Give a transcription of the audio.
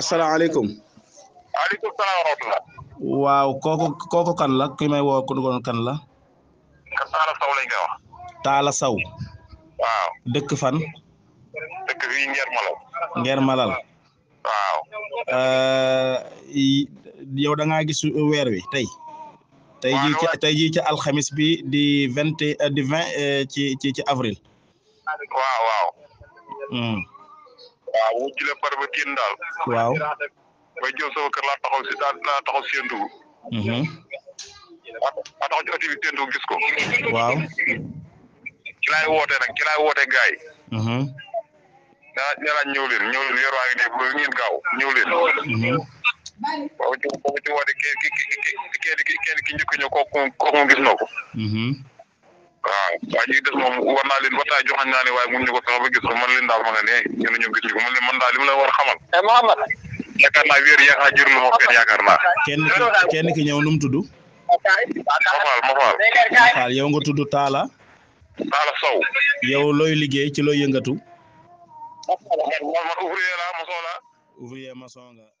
asalaamaaleykum. waaleykum salaam wa rahmatulah. waaw kooku kan la ki may woo ku la. Taala Saw dëkk fan. dëkk fii Ngeer Malal. Ngeer Malal. waaw. yow da ngaa gis weer wi tey. tey jii ci tey ci alxamis bi di vingt di vingt ci ci ci avril. waaw hmm. waaw wujj leen pare ba génn daal. waaw. may jël sama kër laa taxaw si daal a tox ci activité gis ko. waaw. ci laay wootee nag ci laay wootee gaay yi. naa ñu naan ñëw leen ñëw leen yor waa ngi dégg loolu ngeen gaaw ñëw leen. boo ko ci ko ci gis na ko. wa waa ji des moom war naa leen waxtaan joxañ naa ne waaye ba gis man leen daal ma nga ne ñu man leen man la war a xamal. Eh, Mouhamad. yaakaar naa wéer yaakaar jëru loxo kenn yaakaar naa. ki kenn ki mu tudd. Mafal Mafal. Mafal yow nga tudd Talla. Talla Sow. yow looy liggéey ci looy yëngatu. ouvrier la maçon la. ouvrier maçon